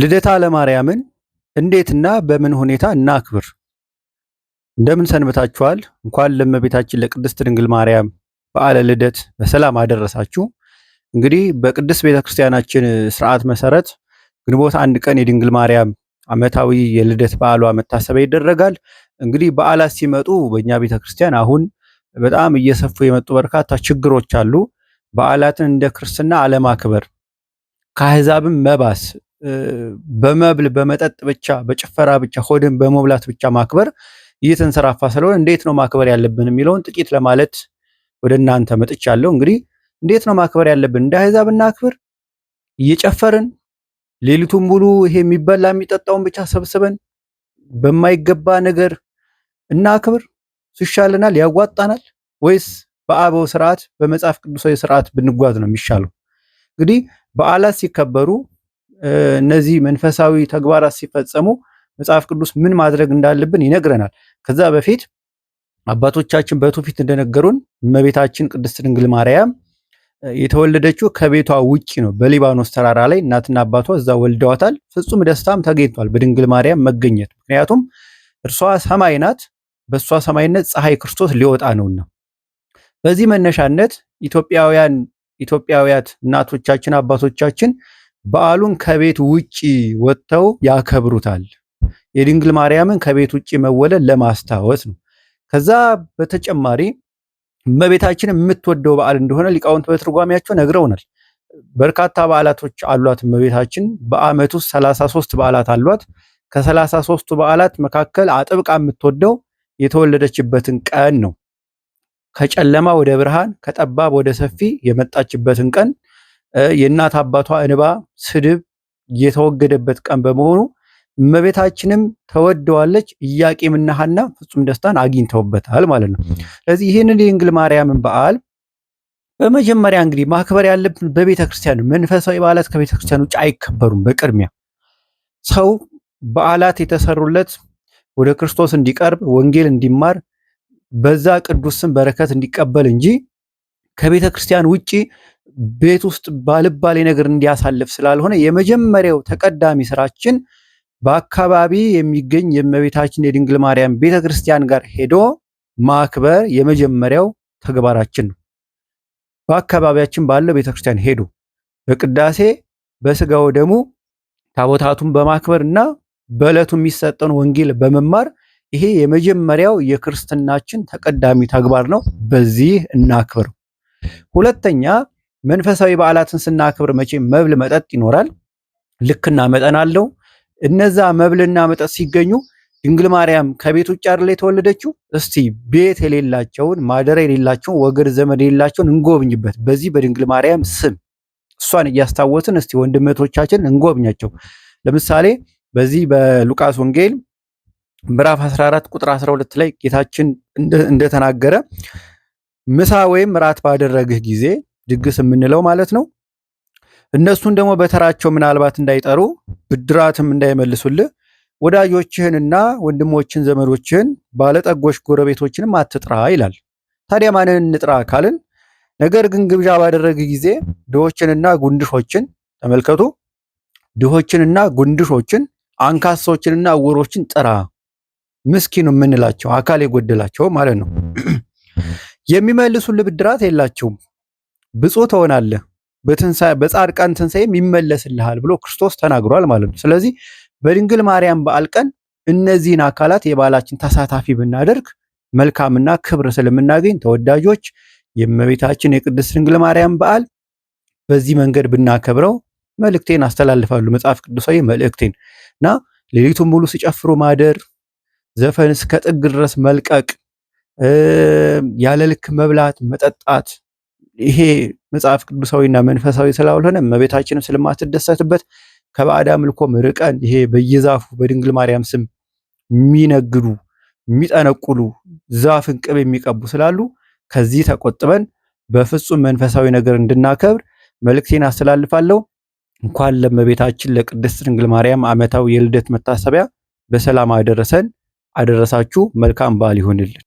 ልደታ ለማርያምን እንዴትና በምን ሁኔታ እናክብር? እንደምን ሰንብታችኋል? እንኳን ለእመቤታችን ለቅድስት ድንግል ማርያም በዓለ ልደት በሰላም አደረሳችሁ። እንግዲህ በቅድስት ቤተክርስቲያናችን ስርዓት መሰረት ግንቦት አንድ ቀን የድንግል ማርያም ዓመታዊ የልደት በዓሏ መታሰቢያ ይደረጋል። እንግዲህ በዓላት ሲመጡ በእኛ ቤተክርስቲያን አሁን በጣም እየሰፉ የመጡ በርካታ ችግሮች አሉ። በዓላትን እንደ ክርስትና አለማክበር ከአህዛብም መባስ በመብል በመጠጥ ብቻ በጭፈራ ብቻ ሆድን በመብላት ብቻ ማክበር እየተንሰራፋ ስለሆነ እንዴት ነው ማክበር ያለብን የሚለውን ጥቂት ለማለት ወደ እናንተ መጥቻለሁ። እንግዲህ እንዴት ነው ማክበር ያለብን? እንደ አሕዛብ እናክብር እየጨፈርን ሌሊቱን ሙሉ ይሄ የሚበላ የሚጠጣውን ብቻ ሰብስበን በማይገባ ነገር እናክብር ይሻለናል? ያዋጣናል? ወይስ በአበው ስርዓት በመጽሐፍ ቅዱሳዊ ስርዓት ብንጓዝ ነው የሚሻለው? እንግዲህ በዓላት ሲከበሩ እነዚህ መንፈሳዊ ተግባራት ሲፈጸሙ መጽሐፍ ቅዱስ ምን ማድረግ እንዳለብን ይነግረናል። ከዛ በፊት አባቶቻችን በትውፊት እንደነገሩን እመቤታችን ቅድስት ድንግል ማርያም የተወለደችው ከቤቷ ውጭ ነው። በሊባኖስ ተራራ ላይ እናትና አባቷ እዛ ወልደዋታል። ፍጹም ደስታም ተገኝቷል በድንግል ማርያም መገኘት። ምክንያቱም እርሷ ሰማይ ናት፣ በእሷ ሰማይነት ፀሐይ ክርስቶስ ሊወጣ ነውና። በዚህ መነሻነት ኢትዮጵያውያን ኢትዮጵያውያት እናቶቻችን አባቶቻችን በዓሉን ከቤት ውጪ ወጥተው ያከብሩታል። የድንግል ማርያምን ከቤት ውጪ መወለድ ለማስታወስ ነው። ከዛ በተጨማሪ እመቤታችን የምትወደው በዓል እንደሆነ ሊቃውንት በትርጓሚያቸው ነግረውናል። በርካታ በዓላቶች አሏት። እመቤታችን በዓመት ውስጥ 33 በዓላት አሏት። ከ33ቱ በዓላት መካከል አጥብቃ የምትወደው የተወለደችበትን ቀን ነው። ከጨለማ ወደ ብርሃን፣ ከጠባብ ወደ ሰፊ የመጣችበትን ቀን የእናት አባቷ እንባ፣ ስድብ የተወገደበት ቀን በመሆኑ እመቤታችንም ተወደዋለች። ኢያቄምና ሐና ፍጹም ደስታን አግኝተውበታል ማለት ነው። ስለዚህ ይህንን የእንግል ማርያምን በዓል በመጀመሪያ እንግዲህ ማክበር ያለብን በቤተ ክርስቲያን መንፈሳዊ በዓላት ከቤተ ክርስቲያን ውጭ አይከበሩም። በቅድሚያ ሰው በዓላት የተሰሩለት ወደ ክርስቶስ እንዲቀርብ ወንጌል እንዲማር በዛ ቅዱስን በረከት እንዲቀበል እንጂ ከቤተ ክርስቲያን ውጭ ቤት ውስጥ ባልባሌ ነገር እንዲያሳልፍ ስላልሆነ የመጀመሪያው ተቀዳሚ ስራችን በአካባቢ የሚገኝ የእመቤታችን የድንግል ማርያም ቤተ ክርስቲያን ጋር ሄዶ ማክበር የመጀመሪያው ተግባራችን ነው። በአካባቢያችን ባለው ቤተ ክርስቲያን ሄዶ በቅዳሴ በስጋው ደሙ ታቦታቱን በማክበር እና በዕለቱ የሚሰጠን ወንጌል በመማር ይሄ የመጀመሪያው የክርስትናችን ተቀዳሚ ተግባር ነው። በዚህ እናክብር። ሁለተኛ መንፈሳዊ በዓላትን ስናክብር መቼም መብል መጠጥ ይኖራል፣ ልክና መጠን አለው። እነዛ መብልና መጠጥ ሲገኙ ድንግል ማርያም ከቤት ውጭ አይደል የተወለደችው? እስቲ ቤት የሌላቸውን ማደሪያ የሌላቸውን ወገን ዘመድ የሌላቸውን እንጎብኝበት። በዚህ በድንግል ማርያም ስም እሷን እያስታወስን እስቲ ወንድመቶቻችን እንጎብኛቸው። ለምሳሌ በዚህ በሉቃስ ወንጌል ምዕራፍ 14 ቁጥር 12 ላይ ጌታችን እንደተናገረ ምሳ ወይም ራት ባደረግህ ጊዜ ድግስ የምንለው ማለት ነው። እነሱን ደግሞ በተራቸው ምናልባት እንዳይጠሩ ብድራትም እንዳይመልሱልህ ወዳጆችህንና ወንድሞችን፣ ዘመዶችህን፣ ባለጠጎች ጎረቤቶችንም አትጥራ ይላል። ታዲያ ማንን እንጥራ ካልን ነገር ግን ግብዣ ባደረገ ጊዜ ድሆችንና ጉንድሾችን ተመልከቱ፣ ድሆችንና ጉንድሾችን አንካሶችንና ውሮችን ጥራ። ምስኪኑ የምንላቸው አካል የጎደላቸው ማለት ነው። የሚመልሱልህ ብድራት የላቸውም። ብፁዕ ትሆናለህ በጻድቃን ትንሣኤም ይመለስልሃል ብሎ ክርስቶስ ተናግሯል ማለት ነው። ስለዚህ በድንግል ማርያም በዓል ቀን እነዚህን አካላት የበዓላችን ተሳታፊ ብናደርግ መልካምና ክብር ስለምናገኝ ተወዳጆች የእመቤታችን የቅድስት ድንግል ማርያም በዓል በዚህ መንገድ ብናከብረው መልእክቴን አስተላልፋሉ መጽሐፍ ቅዱሳዊ መልእክቴን እና ሌሊቱን ሙሉ ሲጨፍሩ ማደር፣ ዘፈን እስከ ጥግ ድረስ መልቀቅ፣ ያለ ልክ መብላት መጠጣት ይሄ መጽሐፍ ቅዱሳዊና መንፈሳዊ ስላልሆነ እመቤታችንም ስለማትደሰትበት ከባዕድ አምልኮም ርቀን ይሄ በየዛፉ በድንግል ማርያም ስም የሚነግዱ የሚጠነቁሉ ዛፍን ቅብ የሚቀቡ ስላሉ ከዚህ ተቆጥበን በፍጹም መንፈሳዊ ነገር እንድናከብር መልእክቴን አስተላልፋለሁ። እንኳን ለእመቤታችን ለቅድስት ድንግል ማርያም ዓመታዊ የልደት መታሰቢያ በሰላም አደረሰን አደረሳችሁ። መልካም በዓል ይሁንልን።